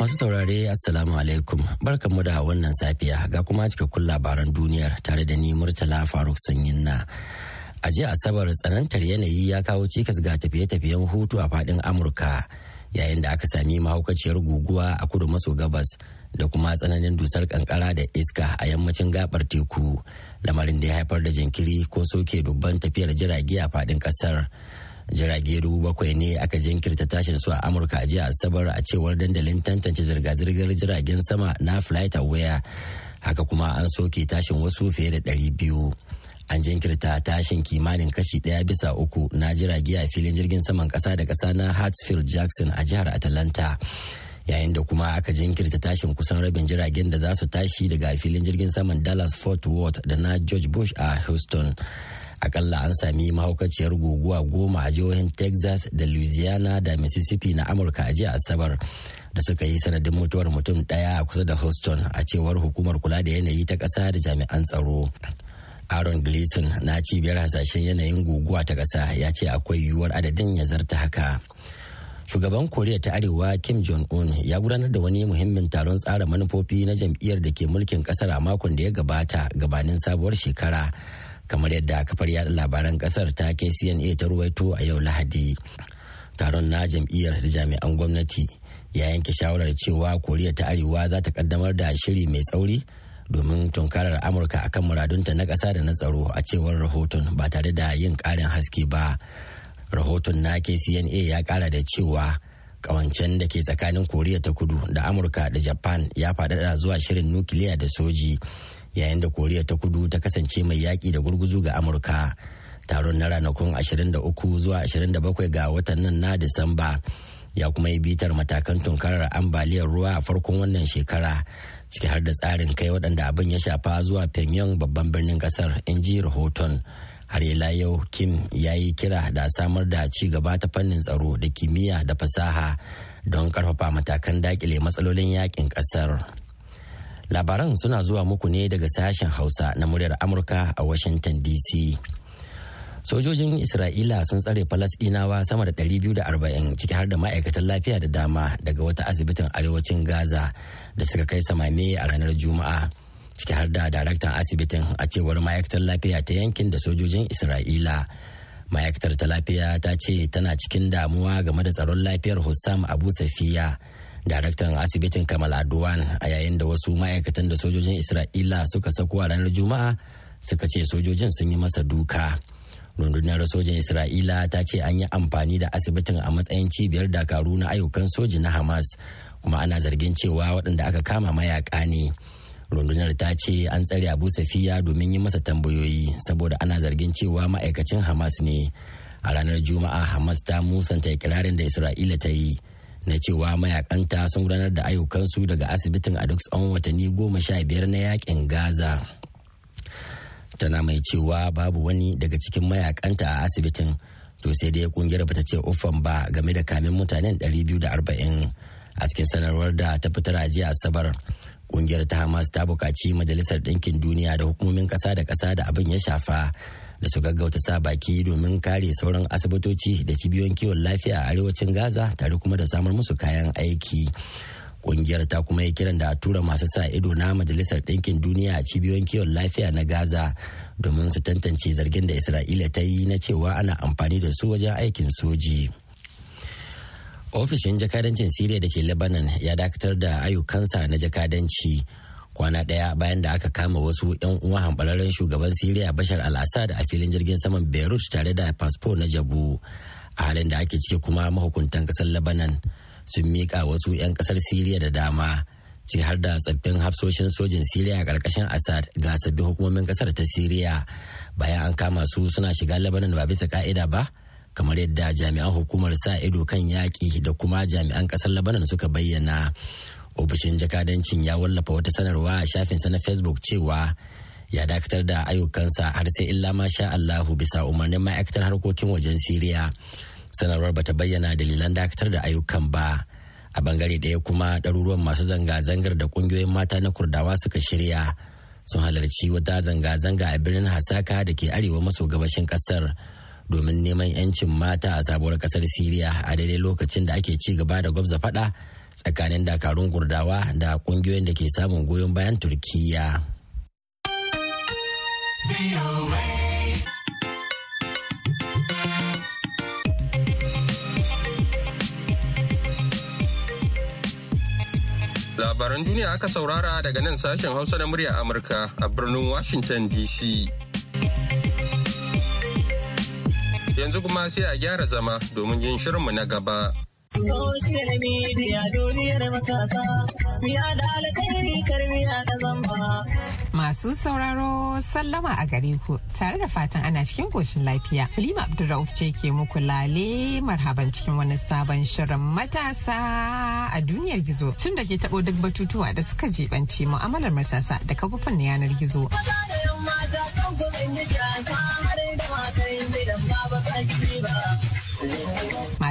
Masu saurare Assalamu alaikum barkanmu da wannan safiya ga kuma cikakkun labaran duniyar tare da ni Murtala Faruk Sanyin na. A jiya Asabar tsanantar yanayi ya kawo cikas ga tafiye-tafiyen hutu a fadin Amurka yayin da aka sami mahaukaciyar guguwa a kudu maso gabas da kuma tsananin dusar kankara da iska a yammacin gabar teku lamarin da ya haifar da jinkiri ko soke dubban tafiyar jirage a fadin kasar. jirage dubu bakwai ne aka jinkirta tashin su a amurka a jiya asabar a cewar dandalin tantance zirga-zirgar jiragen sama na flight aware haka kuma an soke tashin wasu fiye da ɗari biyu an jinkirta tashin kimanin kashi ɗaya bisa uku na jirage a filin jirgin saman ƙasa da ƙasa na hartsfield jackson a jihar atalanta yayin da kuma aka jinkirta tashin kusan rabin jiragen da za su tashi daga filin jirgin saman dallas fort worth da na george bush a houston akalla an sami mahaukaciyar guguwa goma a jihohin texas da louisiana da mississippi na amurka a jiya asabar da suka yi sanadin mutuwar mutum daya a kusa da houston a cewar hukumar kula da yanayi ta kasa da jami'an tsaro aaron gleason na cibiyar hasashen yanayin guguwa ta kasa ya ce akwai yiwuwar adadin ya zarta haka shugaban koriya ta arewa kim jong-un ya gudanar da wani muhimmin taron tsara manufofi na jam'iyyar da ke mulkin kasar a makon da ya gabata gabanin sabuwar shekara kamar yadda kafar yada labaran kasar ta cna ta ruwaito a yau lahadi taron na jam'iyyar da jami'an gwamnati ya yanke shawarar cewa koriya ta arewa za ta kaddamar da shiri mai tsauri domin tunkarar amurka akan muradunta na ƙasa da na tsaro a cewar rahoton ba tare da yin ƙarin haske ba rahoton na kcna ya ƙara da cewa kawancen da ke tsakanin koriya ta kudu da amurka da japan ya faɗaɗa zuwa shirin nukiliya da soji yayin da koriya ta kudu ta kasance mai yaƙi da gurguzu ga amurka taron na ranakun 23 zuwa 27 ga watan nan na disamba ya kuma yi bitar matakan tunkarar ambaliyar ruwa a farkon wannan shekara ciki har da tsarin kai waɗanda abin ya shafa zuwa pyongyang babban birnin ƙasar in ji rahoton har yi yau kim ya yi kira da samar da ci gaba ta fannin tsaro da kimiyya da fasaha don karfafa matakan dakile matsalolin yaƙin ƙasar. labaran suna zuwa muku ne daga sashen hausa na muryar amurka a washington dc sojojin isra'ila sun tsare falasdinawa sama da 240 ciki har da ma'aikatan lafiya da dama daga wata asibitin arewacin gaza da suka kai samame a ranar juma'a ciki har da daraktan asibitin a cewar ma'aikatar lafiya ta yankin da sojojin isra'ila ma'aikatar ta lafiya ta ce tana cikin damuwa game da tsaron lafiyar hussam abu safiya daraktan asibitin kamal adwan a yayin da wasu ma'aikatan da sojojin isra'ila suka sako a ranar juma'a suka ce sojojin sun yi masa duka rundunar sojin isra'ila ta ce an yi amfani da asibitin a matsayin cibiyar dakaru na ayyukan soji na hamas kuma ana zargin cewa waɗanda aka kama mayaka ne rundunar ta ce an tsare abu safiya domin yi masa tambayoyi saboda ana zargin cewa ma'aikacin hamas ne a ranar juma'a hamas ta musanta ikirarin da isra'ila ta yi na cewa mayakanta sun gudanar da ayyukansu daga asibitin a duk tsawon watanni goma sha biyar na yakin gaza tana mai cewa babu wani daga cikin mayakanta a asibitin to sai dai kungiyar bata ce uffan ba game da kamin mutanen 240 a cikin sanarwar da ta fitar a jiya asabar kungiyar ta hamas ta bukaci majalisar ɗinkin duniya da hukumomin ƙasa da ƙasa da abin ya shafa da su gaggauta sa baki domin kare sauran asibitoci da cibiyoyin kiwon lafiya a arewacin gaza tare kuma da samar musu kayan aiki kungiyar ta kuma yi kiran da a tura masu sa ido na majalisar ɗinkin duniya a cibiyoyin kiwon lafiya na gaza domin su tantance zargin da isra'ila ta yi na cewa ana amfani da su wajen aikin soji ofishin jakadancin siriya da ke lebanon ya dakatar da ayyukansa na jakadanci kwana ɗaya bayan da aka kama wasu 'yan uwa hambararren shugaban siriya bashar al-assad a filin jirgin saman beirut tare da fasfo na jabu a halin da ake ciki kuma mahukuntan kasar labanan sun miƙa wasu 'yan ƙasar siriya da dama ciki har da tsaffin hafsoshin sojin siriya a ƙarƙashin assad ga sabbin hukumomin ƙasar ta siriya bayan an kama su suna shiga labanan ba bisa ka'ida ba kamar yadda jami'an hukumar sa ido kan yaƙi da kuma jami'an ƙasar labanan suka bayyana ofishin jakadancin ya wallafa wata sanarwa a shafinsa na facebook cewa ya dakatar da ayyukansa har sai illa ma sha Allahu bisa umarnin ma'aikatar harkokin wajen Siriya. Sanarwar bata bayyana dalilan dakatar da ayyukan ba. A bangare ɗaya kuma ɗaruruwan masu zanga-zangar da ƙungiyoyin mata na Kurdawa suka shirya sun halarci wata zanga-zanga a birnin Hasaka da ke arewa maso gabashin ƙasar domin neman 'yancin mata a sabuwar ƙasar Siriya a daidai lokacin da ake ci gaba da gwabza faɗa tsakanin dakarun gurdawa da kungiyoyin da ke samun goyon bayan turkiya labaran duniya aka saurara daga nan sashen hausa na murya amurka a birnin washington dc yanzu kuma sai a gyara zama domin yin shirinmu na gaba zamba. Masu sauraro sallama a gare ku tare da fatan ana cikin koshin lafiya. Halima Abdulrauf ce ke muku lale marhaban cikin wani sabon shirin matasa a duniyar gizo tun da ke taɓo duk batutuwa da suka jibanci mu'amalar matasa da kafofin yanar gizo. Maza da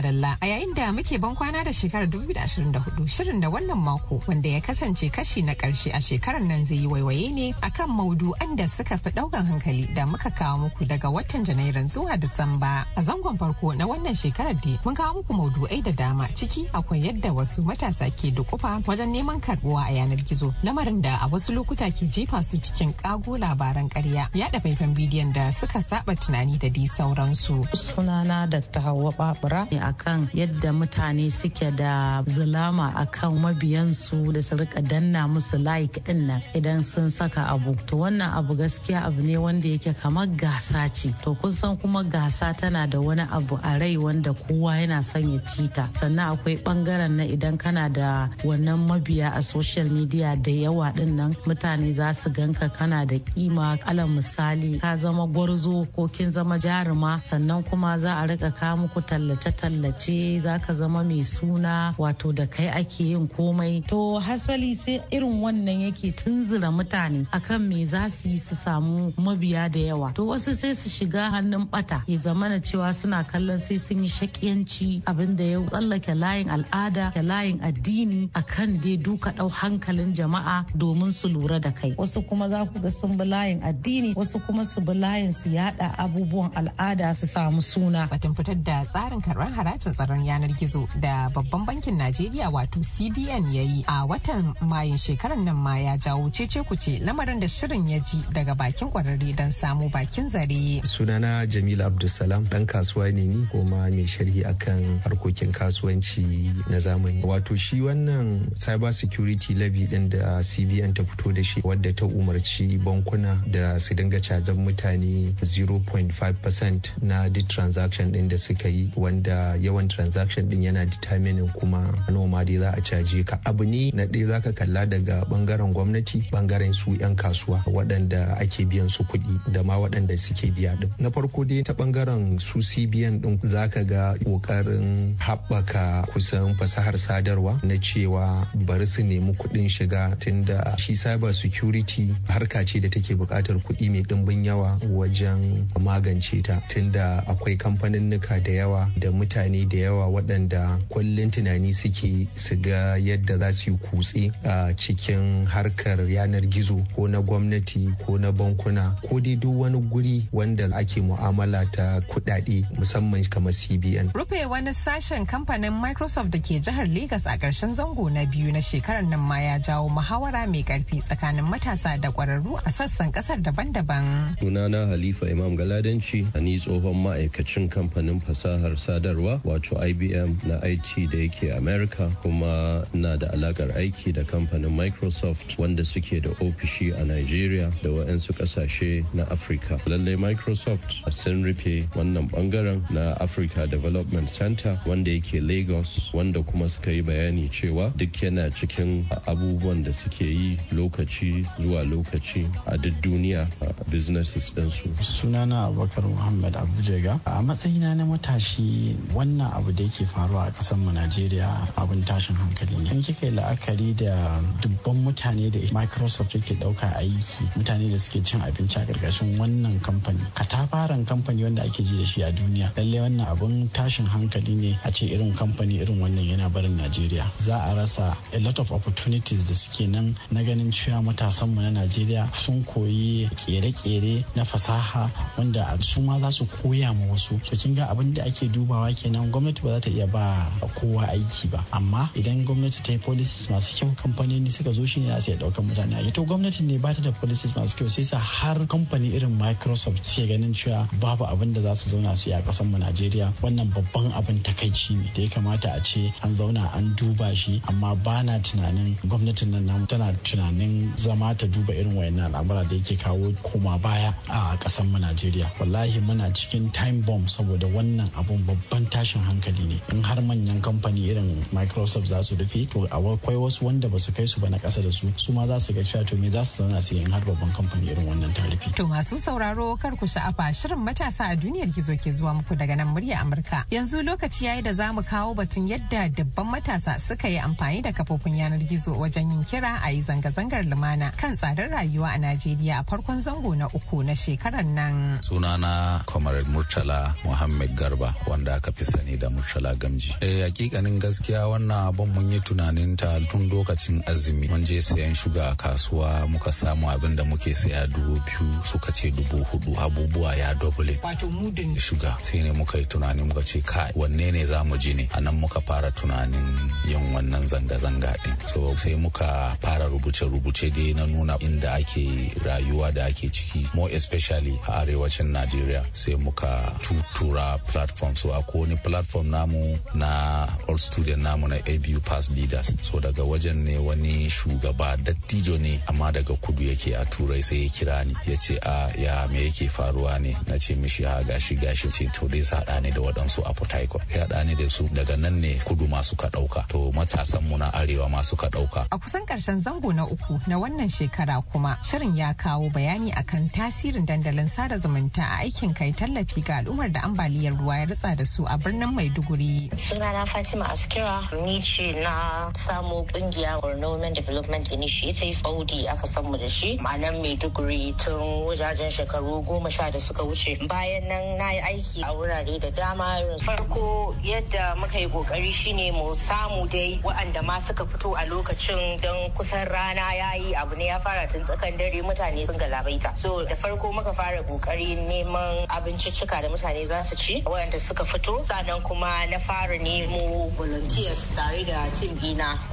Dalla a yayin da muke ban kwana da shekarar 2024 shirin da wannan mako wanda ya kasance kashi na karshe a shekarar nan zai yi waiwaye ne akan maudu'an da suka fi daukan hankali da muka kawo muku daga watan janairun zuwa disamba a zangon farko na wannan shekarar da mun kawo muku maudu'ai da dama ciki akwai yadda wasu matasa ke dukufa wajen neman karbuwa a yanar gizo lamarin da a wasu lokuta ke jefa su cikin kago labaran karya yada faifan bidiyon da suka saba tunani da dai sauransu sunana da ta hawa babura kan yadda mutane suke da zulama kan mabiyansu da su rika danna musu like din nan idan sun saka abu to wannan abu gaskiya abu ne wanda yake kamar gasa ce to kun san kuma gasa tana da wani abu a rai wanda kowa yana son ya cita sannan akwai bangaren na idan kana da wannan mabiya a social media da yawa din nan mutane za su ganka kana da kima alal misali ka zama gwarzo ko kin zama jaruma sannan kuma za a rika kawo muku tallace-tallace ce za ka zama mai suna wato da kai ake yin komai to hasali sai irin wannan yake tunzura mutane akan me za su yi su samu mabiya da yawa to wasu sai su shiga hannun bata ya zamana cewa suna kallon sai sun yi shakiyanci abin da ya tsallake layin al'ada da layin addini akan dai duka dau hankalin jama'a domin su lura da kai wasu kuma za ku ga sun bi layin addini wasu kuma su bi layin su yada abubuwan al'ada su samu suna batun fitar da tsarin karban harajin tsaron yanar gizo da babban bankin Najeriya wato CBN ya yi a watan mayin shekarar nan ma ya jawo cece kuce lamarin da shirin ya ji daga bakin kwararre don samu bakin zare. Sunana Jamil Abdulsalam dan kasuwa ne ni kuma mai sharhi akan harkokin kasuwanci na zamani. Wato shi wannan cyber security levy din da CBN ta fito da shi wadda ta umarci bankuna da su dinga cajan mutane 0.5% na duk transaction din da suka yi wanda yawan transaction din yana determining kuma noma dai za a caje ka abu ne na ɗaya ka kalla daga bangaren gwamnati bangaren su 'yan kasuwa waɗanda ake biyan su kuɗi da ma waɗanda suke biya din na farko dai ta bangaren su cbn din ka ga ƙoƙarin haɓaka kusan fasahar sadarwa na cewa bari su nemi kuɗin shiga tunda shi cyber security harka ce da take buƙatar kuɗi mai ɗimbin yawa wajen magance ta tunda akwai kamfanin kamfaninnika da yawa da mutane mutane da yawa waɗanda kullum tunani suke su ga yadda za su yi kutse a cikin harkar yanar gizo ko na gwamnati ko na bankuna ko dai duk wani guri wanda ake mu'amala ta kuɗaɗe musamman kamar cbn rufe wani sashen kamfanin microsoft da ke jihar Legas a ƙarshen zango na biyu na shekarar nan ma ya jawo muhawara mai ƙarfi tsakanin matasa da ƙwararru a sassan ƙasar daban-daban sunana halifa imam galadanci ni tsohon ma'aikacin kamfanin fasahar sadarwa wato IBM na IT da yake Amerika kuma na da alakar aiki da kamfanin Microsoft wanda suke da ofishi a Nigeria da waɗansu ƙasashe na Afirka. Lallai Microsoft sun rufe wannan bangaren na Africa Development Center wanda yake Lagos wanda kuma suka yi bayani cewa duk yana cikin abubuwan da suke yi lokaci zuwa lokaci a duk duniya a businesses ɗinsu. Sunana Abubakar Muhammad Abujega a matsayina na matashi wannan abu da yake faruwa a kasar mu Najeriya abin tashin hankali ne in kika yi la'akari da dubban mutane da Microsoft yake ɗauka aiki mutane da suke cin abinci a ƙarƙashin wannan kamfani katafaren kamfani wanda ake ji da shi a duniya lalle wannan abun tashin hankali ne a ce irin kamfani irin wannan yana barin Najeriya za a rasa a lot of opportunities da suke nan na ganin cewa matasan mu na Najeriya sun koyi kere-kere na fasaha wanda su ma za su koya ma wasu so kin ga abin da ake dubawa kenan nan gwamnati ba za ta iya ba kowa aiki ba amma idan gwamnati ta yi policies masu kyau kamfanoni suka zo shine za su iya daukan mutane a to gwamnati ne ba ta da policies masu kyau sai sa har kamfani irin microsoft suke ganin cewa babu abin da za su zauna su yi a kasan mu najeriya wannan babban abin takaici ne da ya kamata a ce an zauna an duba shi amma ba na tunanin gwamnatin nan namu tana tunanin zama ta duba irin wayannan al'amura da yake kawo koma baya a kasan mu najeriya wallahi muna cikin time bomb saboda wannan abun babban tashi tashin hankali ne in har manyan kamfani irin microsoft za su rufe to akwai wasu wanda ba su kai su ba na kasa da su su ma za su ga cewa to me za su zauna su in har babban kamfani irin wannan ta rufe to masu sauraro kar ku sha'afa shirin matasa a duniyar gizo ke zuwa muku daga nan murya amurka yanzu lokaci yayi da za mu kawo batun yadda dabban matasa suka yi amfani da kafofin yanar gizo wajen yin kira a yi zanga-zangar lumana kan tsadar rayuwa a najeriya a farkon zango na uku na shekarar nan sunana kamar murtala muhammad garba wanda aka fi ne da Murtala Gamji. Eh hakikanin gaskiya wannan abin mun yi tunanin ta tun lokacin azumi mun je sayan shuga a kasuwa muka samu abin da muke saya dubu biyu suka ce dubu hudu abubuwa ya dubule. Wato mudin shuga sai ne muka yi tunanin muka ce kai wanne ne za mu ji ne a nan muka fara tunanin yin wannan zanga-zanga din so sai muka fara rubuce-rubuce dai na nuna inda ake rayuwa da ake ciki more especially a arewacin najeriya sai muka tutura platform so akwai wani platform namu na all student namu na abu pass leaders so daga wajen ne wani shugaba dattijo ne amma daga kudu yake a turai sai ya kira ni ya ce a ya me yake faruwa ne na ce mishi ha gashi gashi ce to dai sa ne da waɗansu a port harcourt ya ne da su daga nan ne kudu masu ka ɗauka to matasan mu na arewa ma suka dauka a kusan karshen zango na uku na wannan shekara kuma shirin ya kawo bayani akan tasirin dandalin sada zumunta a aikin kai tallafi ga al'ummar da ambaliyar ruwa ya ritsa da su a birnin maiduguri sunana fatima askira ni ce na samo kungiya borno women development initiative audi aka samu da shi ma'anan maiduguri tun wajajen shekaru goma sha da suka wuce bayan nan na yi aiki a wurare da dama farko yadda muka yi kokari shine mu samu dai yayi waɗanda ma suka fito a lokacin don kusan rana ya yi abu ne ya fara tun tsakan dare mutane sun galabaita so da farko muka fara ƙoƙarin neman abinciccika da mutane za su ci waɗanda suka fito sannan kuma na fara nemo volunteers tare da tim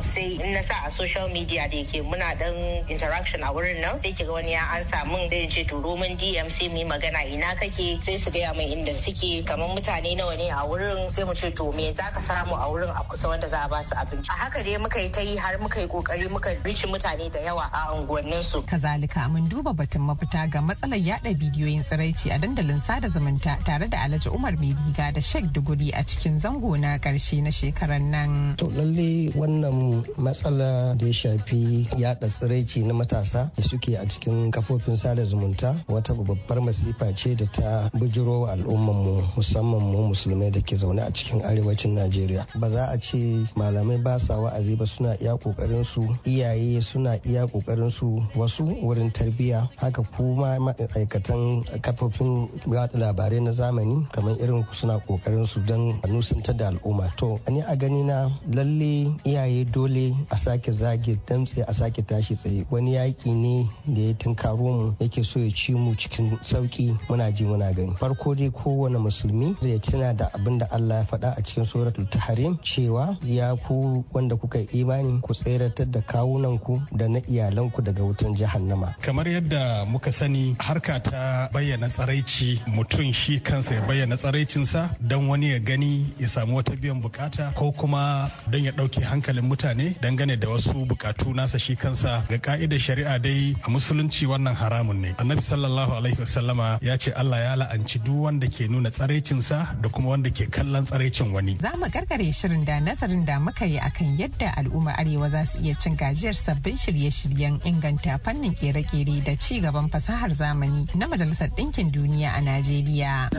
sai in na sa a social media da yake muna dan interaction a wurin nan sai kiga wani ya ansa min da ce to min DM sai mu yi magana ina kake sai su gaya mai inda suke kamar mutane nawa ne a wurin sai mu ce to me za ka samu a wurin a kusa wanda za a ba su abinci. A haka dai muka yi ta yi har muka yi kokari muka bici mutane da yawa a unguwannin su. Kazalika mun duba batun mafita ga matsalar yada bidiyoyin tsiraici a dandalin sada zumunta tare da Alhaji Umar Bidiga da Sheikh Duguri a cikin zango na karshe na shekarar nan. To lalle wannan matsala da ya shafi yada tsiraici na matasa da suke a cikin kafofin sada zumunta wata babbar masifa ce da ta bujiro al'ummar mu musamman mu musulmai da ke zaune a cikin arewacin Najeriya. Ba za a ce malamai malamai ba sa wa'azi ba suna iya kokarin su iyaye suna iya kokarin su wasu wurin tarbiyya haka kuma ma'aikatan kafofin yada labarai na zamani kamar irin suna kokarin su don nusanta da al'umma to ni a gani na lalle iyaye dole a sake zage damtse a sake tashi tsaye wani yaƙi ne da ya tunkaro mu yake so ya ci mu cikin sauki muna ji muna gani farko dai kowane musulmi da ya tuna da abin da Allah ya faɗa a cikin suratul taharim cewa ya ku wanda kuka yi imani ku tseratar da kawunanku da na iyalanku daga wutan jahannama kamar yadda muka sani harka ta bayyana tsaraici mutum shi kansa ya bayyana tsaraicinsa don wani ya gani ya samu wata biyan bukata ko kuma don ya ɗauke hankalin mutane dangane da wasu bukatu nasa shi kansa ga ka'idar shari'a dai a musulunci wannan haramun ne annabi sallallahu alaihi wasallama ya ce allah ya la'anci duk wanda ke nuna tsaraicinsa da kuma wanda ke kallon tsaraicin wani za mu karkare shirin da nazarin da muka yi akan yadda al'ummar arewa za su iya cin gajiyar sabbin shirye-shiryen inganta fannin kere-kere da ci gaban fasahar zamani na majalisar ɗinkin duniya a najeriya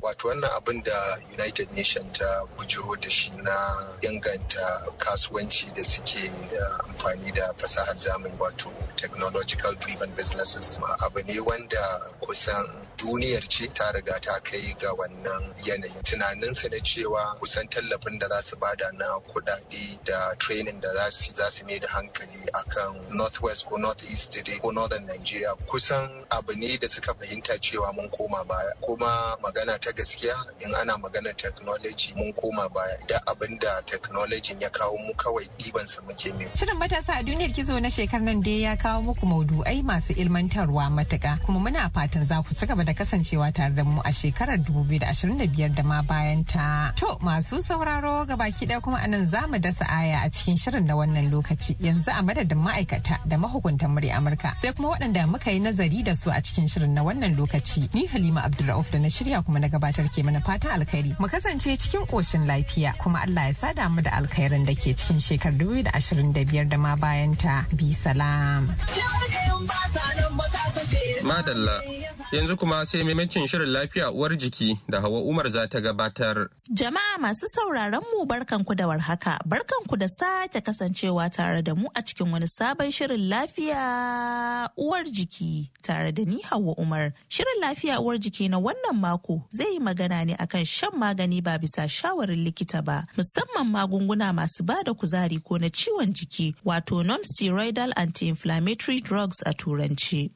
wato wannan abin da united nation ta bujiro da shi na inganta kasuwanci da suke eh, amfani da fasahar zamani wato technological driven businesses abu ne wanda kusan duniyar ce ta riga ta kai ga wannan yanayin tunaninsa na ci cewa kusan tallafin da za su bada na kuɗaɗe da training da za su mai da hankali akan northwest ko northeast dai ko northern nigeria kusan abu ne da suka fahimta cewa mun koma baya kuma magana ta gaskiya in ana magana technology mun koma baya da abin da technology ya kawo mu kawai sa muke mai. shirin matasa a duniyar gizo na shekarar nan dai ya kawo muku maudu ai masu ilmantarwa matuka kuma muna fatan za ku ci gaba da kasancewa tare da mu a shekarar 2025 da ma bayan ta To masu sauraro ga baki ɗaya kuma anan za mu dasa aya a cikin shirin na wannan lokaci yanzu a madadin ma'aikata da mahukuntan murya Amurka sai kuma waɗanda muka yi nazari da su a cikin shirin na wannan lokaci ni Halima Abdulrauf da na shirya kuma na gabatar ke mana fatan alkhairi mu kasance cikin koshin lafiya kuma Allah ya sada mu da alkhairin da ke cikin shekar 2025 da ma bayan ta bi salam. Madalla yanzu kuma sai maimacin shirin lafiya uwar jiki da Hawa Umar za ta gabatar. Jama'a masu sauraron mu barkanku da warhaka, barkanku da sake kasancewa tare da mu a cikin wani sabon shirin lafiya uwar jiki tare da ni Hauwa Umar. Shirin lafiya uwar jiki na wannan mako zai yi magana ne akan shan magani ba bisa shawarin likita ba, musamman magunguna masu ba da kuzari ko na ciwon jiki wato non-steroidal anti-inflammatory drugs a turanci.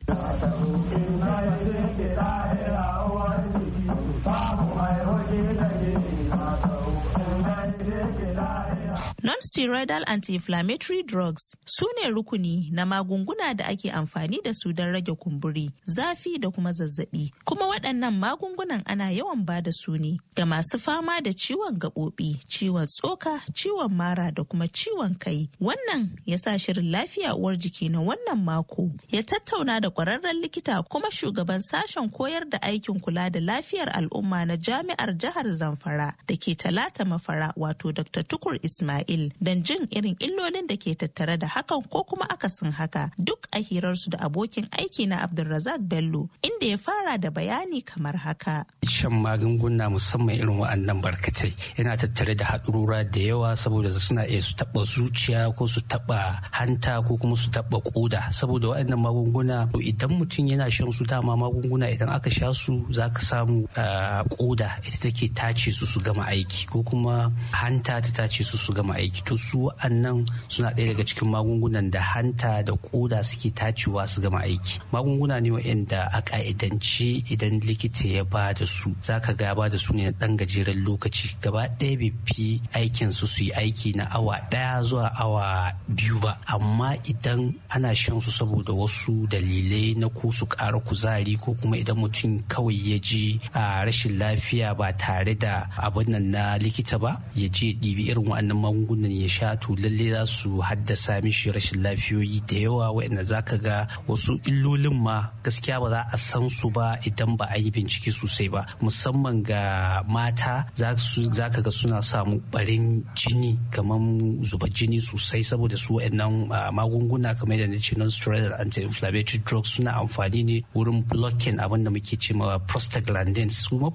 Non-steroidal anti-inflammatory drugs su ne rukuni na magunguna da ake amfani da su don rage kumburi, zafi da kuma zazzabi. Kuma waɗannan magungunan ana yawan ba da su ne ga masu fama da ciwon gaɓoɓi, ciwon tsoka, ciwon mara da kuma ciwon kai. Wannan ya sa shirin lafiya uwar jiki na wannan mako ya tattauna da ƙwararren likita kuma shugaban sashen koyar da aikin kula da lafiyar al'umma na jami'ar jihar Zamfara da ke Talata Mafara wato Dr. Tukur Ismail. Isra'il don jin irin illolin da ke tattare da hakan ko kuma akasin haka duk a hirarsu da abokin aiki na Abdulrazak Bello inda ya fara da bayani kamar haka. Shan magunguna musamman irin wa'annan barkatai yana tattare da haɗurura da yawa saboda suna iya su taɓa zuciya ko su taɓa hanta ko kuma su taɓa ƙoda saboda wa'annan magunguna to idan mutum yana shan su dama magunguna idan aka sha su za ka samu ah, ƙoda ita take tace su su gama aiki ko kuma hanta ta tace su su gama kuma aiki to su wa'annan suna ɗaya daga cikin magungunan da hanta da koda suke tacewa su gama aiki magunguna ne wa'anda a ka'idanci idan likita ya ba da su zaka ga ba da su ne na ɗan gajeren lokaci gaba ɗaya bai fi aikin su su yi aiki na awa ɗaya zuwa awa biyu ba amma idan ana shan su saboda wasu dalilai na ko su ƙara kuzari ko kuma idan mutum kawai ya ji a rashin lafiya ba tare da abin nan na likita ba ya je ɗibi irin wa'annan magunguna magungunan ya sha to lalle za su haddasa mishi rashin lafiyoyi da yawa waɗanda za ka ga wasu illolin ma gaskiya ba za a san su ba idan ba a yi bincike sosai ba musamman ga mata za ka ga suna samu barin jini kamar zuba jini sosai saboda su waɗannan magunguna kamar yadda ce non-steroidal anti-inflammatory drugs suna amfani ne wurin blocking abin da muke ce ma prostaglandins kuma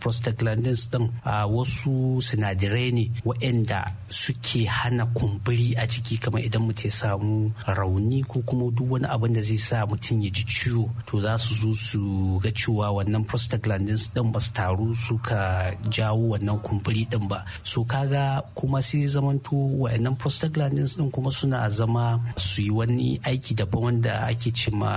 prostaglandins din wasu sinadirai ne waɗanda suke hana kumburi a jiki kamar idan mu ta samu rauni ko kuma duk wani abin da zai sa mutum ya ji ciwo to za su zo su ga cewa wannan prostaglandins din ba su taru suka jawo wannan kumburi din ba so kaga kuma sai zamanto wa'annan prostaglandins din kuma suna zama su yi wani aiki daban wanda ake ce ma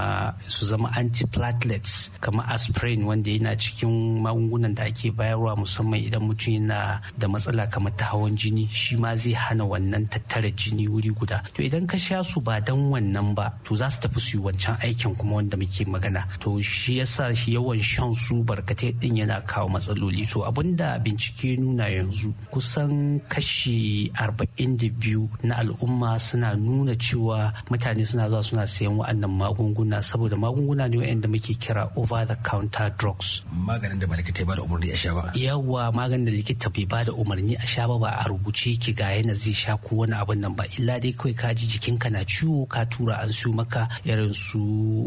su zama antiplatelets kamar aspirin wanda yana cikin magungunan da ake bayarwa musamman idan mutum yana da matsala kamar ta hawan jini shi ma zai hana wannan tattara jini wuri guda to idan ka sha su ba dan wannan ba to za su tafi su yi wancan aikin kuma wanda muke magana to shi yasa shi yawan shan su barkatai din yana kawo matsaloli to abinda bincike nuna yanzu kusan kashi arba'in 42 na al'umma suna nuna cewa mutane suna zuwa suna sayan wa'annan magunguna saboda magunguna ne wa'anda muke kira over the counter drugs maganin da ba likita ba da umarni a sha ba yawa maganin da likita bai ba da umarni a sha ba ba a rubuce ki ga yana zai sha ko wani abin nan ba illa dai kawai ka ji jikinka na ciwo ka tura an siyo maka irin su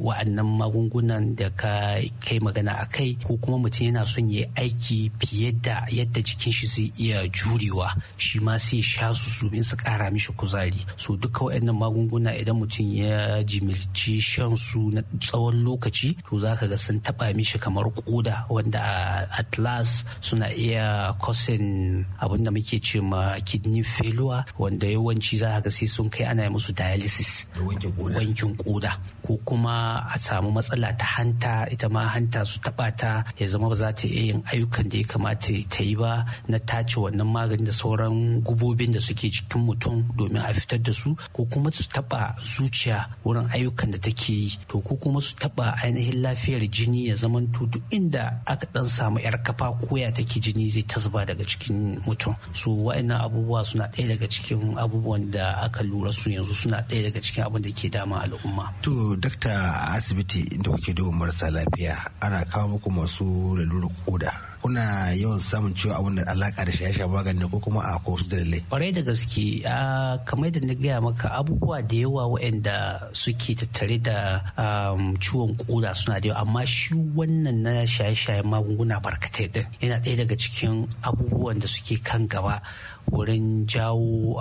wa'annan magungunan da ka kai magana a kai ko kuma mutum yana son ya aiki fiye da yadda jikin shi zai iya jurewa shi ma sai sha su su bin su kara mishi kuzari so duka wa'annan magunguna idan mutum ya jimilci shan su na tsawon lokaci to zaka ga sun taba mishi kamar koda wanda a atlas suna iya causing abinda muke ce ma kidney failure wanda yawanci za a ga sai sun kai ana musu dialysis wankin koda ko kuma a samu matsala ta hanta ita ma hanta su taba ta ya zama ba za ta iya yin ayyukan da ya kamata ta yi ba na tace wannan magani da sauran gubobin da suke cikin mutum domin a fitar da su ko kuma su taba zuciya wurin ayyukan da take yi to ko kuma su taba ainihin lafiyar jini ya zama duk inda aka dan samu yar kafa koya take jini zai ta zuba daga cikin mutum so wa'annan abubuwa suna ɗaya daga cikin abubuwan da aka lura su yanzu suna ɗaya daga cikin abin da ke dama al'umma. To dakta a asibiti da kuke duba marasa lafiya ana kawo muku masu lalura koda. kuna yawan samun ciwo a wannan alaka da shaye-shayen magani ko kuma a ko su dalilai kwarai da gaske kamar da na gaya maka abubuwa da yawa waɗanda suke tattare da ciwon koda suna da yawa amma shi wannan na shaye-shayen magunguna barkatai din yana ɗaya daga cikin abubuwan da suke kan gaba wurin jawo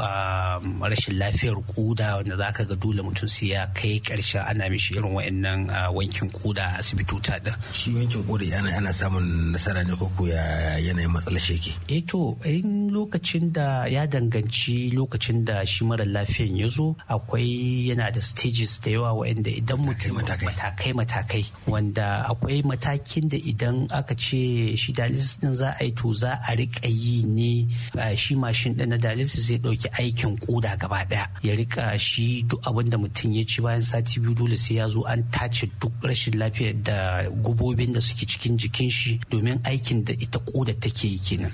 rashin lafiyar ƙuda wanda za ka ga dole mutum sai ya kai karshe ana mishi irin wa'annan wankin kuda a asibitota din. Shi wankin kuda ana samun nasara ne ko ko ya yanayin matsalar shi yake eh to in lokacin da ya danganci lokacin da shi mara lafiyan ya zo akwai yana da stages da yawa wa'anda idan mutum matakai matakai wanda akwai matakin da idan aka ce shi dialysis din za a yi to za a riƙa yi ne shi mashin din na dialysis zai ɗauki aikin koda gaba ɗaya ya riƙa shi duk abin da mutum ya ci bayan sati biyu dole sai ya zo an tace duk rashin lafiyar da gubobin da suke cikin jikin shi domin aikin da ita koda take yi kenan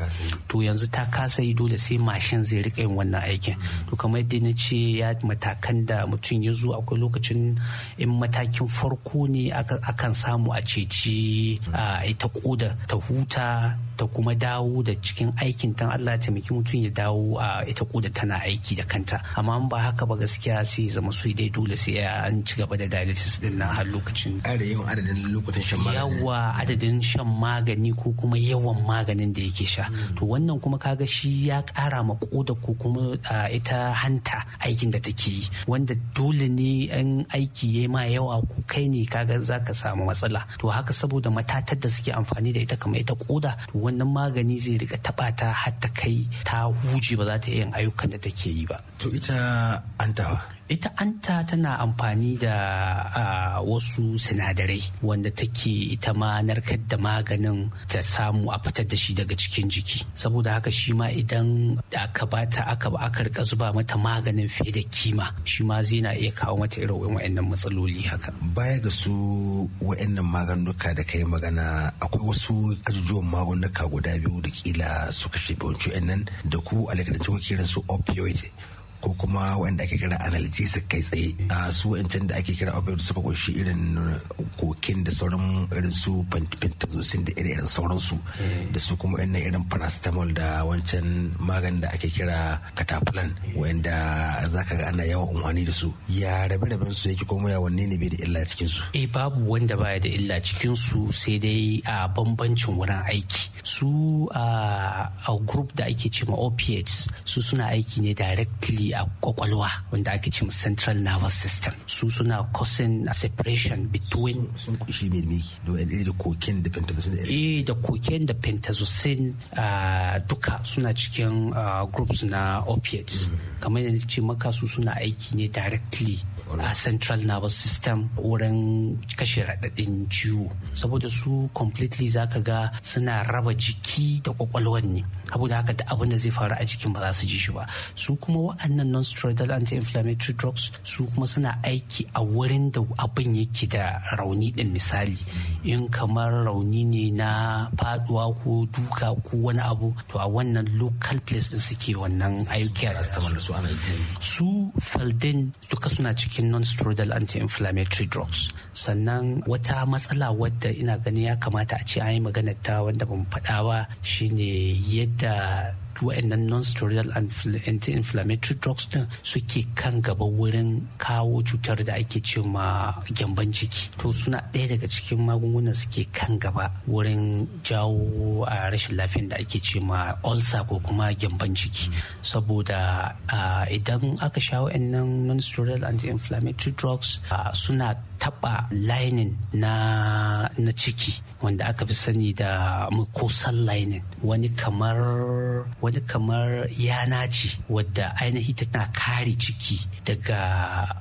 to yanzu ta kasa yi dole sai mashin zai rika yin wannan aikin to kamar yadda na ce ya matakan da mutum ya zo akwai lokacin in matakin farko ne akan samu a ceci a ita koda ta huta ta kuma dawo da cikin aikin tan Allah ya taimaki mutum ya dawo a ita koda tana aiki da kanta amma ba haka ba gaskiya sai zama su dai dole sai an ci gaba da dialysis din na har lokacin yawa adadin shan magani ko kuma kuma yawan maganin da yake sha hmm. to wannan kuma kaga shi ya kara ma koda ko kuma ita hanta aikin da take yi wanda dole ne an aiki ya ma yawa ko kai ne kaga zaka samu matsala to haka saboda matatar da suke amfani da ita kamar ita koda to wannan magani zai rika taba ta har ta kai ta huje ba za ta iya yin ayyukan da take yi ba to ita antawa ita anta tana amfani da wasu sinadarai wanda take ita ma narkar da maganin ta samu a fitar da shi daga cikin jiki saboda haka shi ma idan aka ba ta aka ba aka rika zuba mata maganin fiye da kima shi ma zai na iya kawo mata irin wa'annan matsaloli haka baya ga su wa'annan maganuka da kai magana akwai wasu ajujuwan maganuka guda biyu da kila suka shi nan da ku alaƙa kiran su opioid ko kuma wanda ake kira analgesic kai tsaye a su wancan da ake kira opioid suka kunshi irin kokin da sauran irin su pentazocin da irin sauransu mm. da su kuma irin irin paracetamol da wancan magan da ake kira cataplan wanda zaka ga ana yawan umarni da su ya rabe raben su yake kuma ya wanne ne bai da illa cikin su eh babu wanda baya da illa cikin su sai dai a bambancin wurin aiki su a group da ake cewa opiates su suna aiki ne directly a kwakwalwa wanda ake cin central nervous system su suna causing separation between sun kushi ne me da wani da cocaine da pentazocin eh da koken da pentazocin ah, duka suna cikin ah, groups na opiates mm. kamar yadda ce maka su suna aiki ne directly a central nervous system wurin kashe raɗaɗin ciwo saboda su completely zaka ga suna raba jiki da kwakwalwan ne saboda haka da abin da zai faru a jikin ba za su ji shi ba su kuma wa'annan non-steroidal anti-inflammatory drugs su kuma suna aiki a wurin da abin yake da rauni din misali in kamar rauni ne na faduwa ko duka ko wani abu to a wannan local place din suke wannan ayyukan su duka suna ciki cikin non-steroidal anti-inflammatory drugs sannan wata matsala wadda ina gani ya kamata a ce an yi magana ta wanda ban faɗa ba shine yadda wa'annan non-steroidal anti-inflammatory drugs din suke kan gaba wurin kawo cutar da ake ce ma gyamban ciki to suna ɗaya daga cikin magungunan suke kan gaba wurin jawo a rashin lafiyan da ake ce ma ulcer ko kuma gyamban ciki saboda idan aka sha wa'annan non-steroidal anti-inflammatory drugs suna Taɓa lining na, na ciki wanda aka fi sani da mucosal lining wani kamar wani kamar yana ce wadda ainihi tana kare ciki daga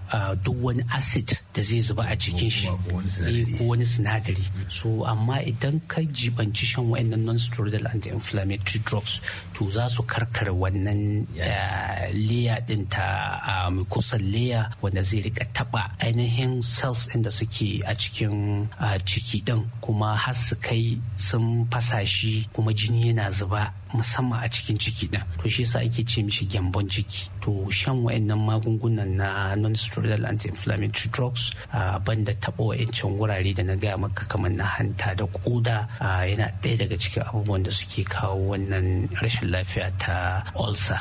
Uh, duk wani acid da zai zuba a cikin shi ko eh, wani sinadari so amma idan ka jibanci shan wa'annan non-steroidal anti-inflammatory drugs to za su karkar wannan uh, layer din ta um, mucosal layer wanda zai rika taba ainihin cells din da suke a cikin uh, ciki din kuma har su kai sun fasa shi kuma jini yana zuba musamman a cikin ciki din to shi yasa ake ce mishi gyambon ciki to shan wa'annan magungunan na non antiretroviral anti-inflammatory drugs da taɓo yancin wurare da na gaya maka kamar na hanta da koda yana ɗaya daga cikin abubuwan da suke kawo wannan rashin lafiya ta ulcer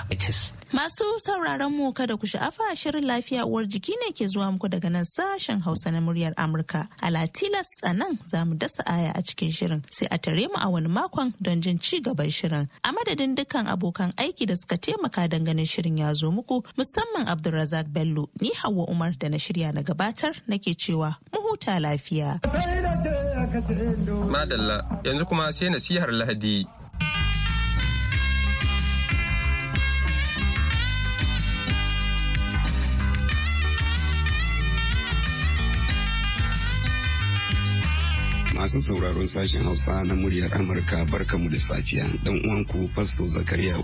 Masu sauraron mu kada ku sha'afa shirin lafiya uwar jiki ne ke zuwa muku daga nan sashen Hausa na muryar Amurka. A Latilas a nan za mu dasa aya a cikin shirin sai a tare mu a wani makon don jin ci gaban shirin. A madadin dukkan abokan aiki da suka taimaka don ganin shirin ya zo muku musamman Abdulrazak Bello ni Hauwa Umar da na shirya na gabatar nake cewa mu huta lafiya. Madalla yanzu kuma sai nasihar Lahadi. Masu sauraron sashen Hausa na muryar Amurka barkamu da safiya. Dan uwanku Pasto Zakariya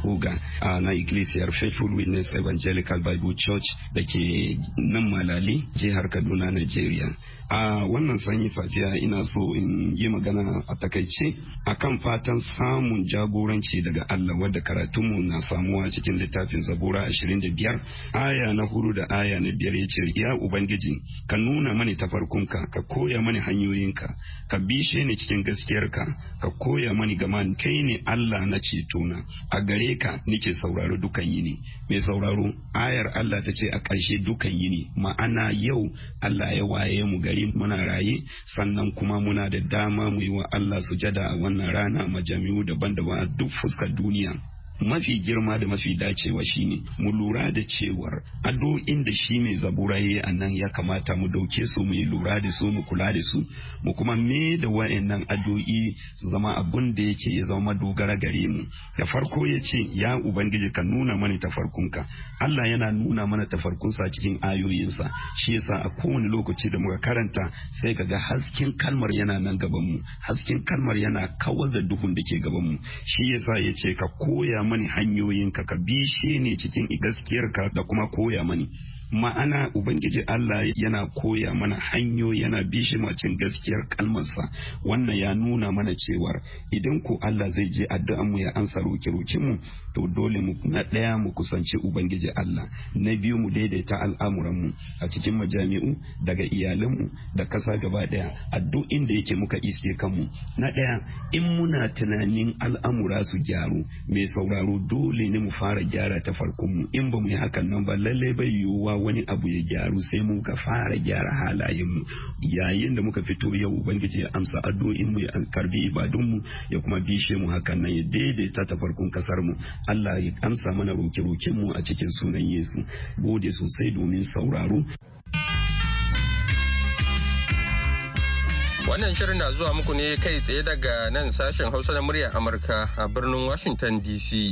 a na Iglesiyar Faithful Witness Evangelical Bible Church da ke nan Malali, jihar Kaduna, Najeriya. A wannan sanyi safiya ina so in yi magana a takaice akan fatan samun jagoranci daga Allah wadda karatunmu na samuwa cikin littafin Zabura biyar. aya na hudu da aya na biyar ya ce ya Ubangiji ka nuna mani tafarkunka ka koya mani hanyoyinka ka bishe ni cikin gaskiyarka ka koya mani gama kai ne Allah na cetona a gare ka nike sauraro dukan yini mai sauraro ayar Allah ta ce a ƙarshe dukan yini ma'ana yau Allah ya waye mu gari muna raye sannan kuma muna da dama mu yi wa Allah sujada a wannan rana majami'u daban-daban a duk fuskar duniya mafi girma da mafi dacewa shine mu lura da cewar ado'in da shi mai zabura a nan ya kamata mu dauke su mu lura da su mu kula da su mu kuma me da wa'annan ado'i su zama abun da yake ya zama dogara gare mu da farko ya ce ya ubangiji ka nuna mana tafarkunka Allah yana nuna mana tafarkunsa cikin ayoyinsa shi yasa a kowane lokaci da muka karanta sai ka ga hasken kalmar yana nan gaban mu hasken kalmar yana kawar da duhun da ke gaban mu shi yasa ya ce ka koya mani hanyoyin ka ka bishe ne cikin gaskiyar ka da kuma koya mani ma'ana ubangiji Allah yana koya mana hanyo yana bishi macin gaskiyar kalmarsa wannan ya nuna mana cewar idan ko Allah zai je addu'an mu ya ansa roke roke mu to dole mu na daya mu kusanci ubangiji Allah na biyu mu daidaita al'amuran mu a cikin majami'u daga iyalan da kasa gaba ɗaya. addu'in inda yake muka iske kanmu na ɗaya in muna tunanin al'amura su gyaru mai sauraro dole ne mu fara gyara ta farkon mu in ba mu yi hakan nan ba lallai bai yiwuwa wani abu ya gyaru sai mun ka fara gyara halayenmu yayin da muka fito yau ubangiji ya amsa mu ya karbi ibadun mu ya kuma bishe mu hakan nan ya daidaita ta farkon kasar mu Allah ya amsa mana roke-roken mu a cikin sunan Yesu gode sosai domin sauraro Wannan shirin na zuwa muku ne kai tsaye daga nan sashen Hausa na muryar Amurka a birnin Washington DC.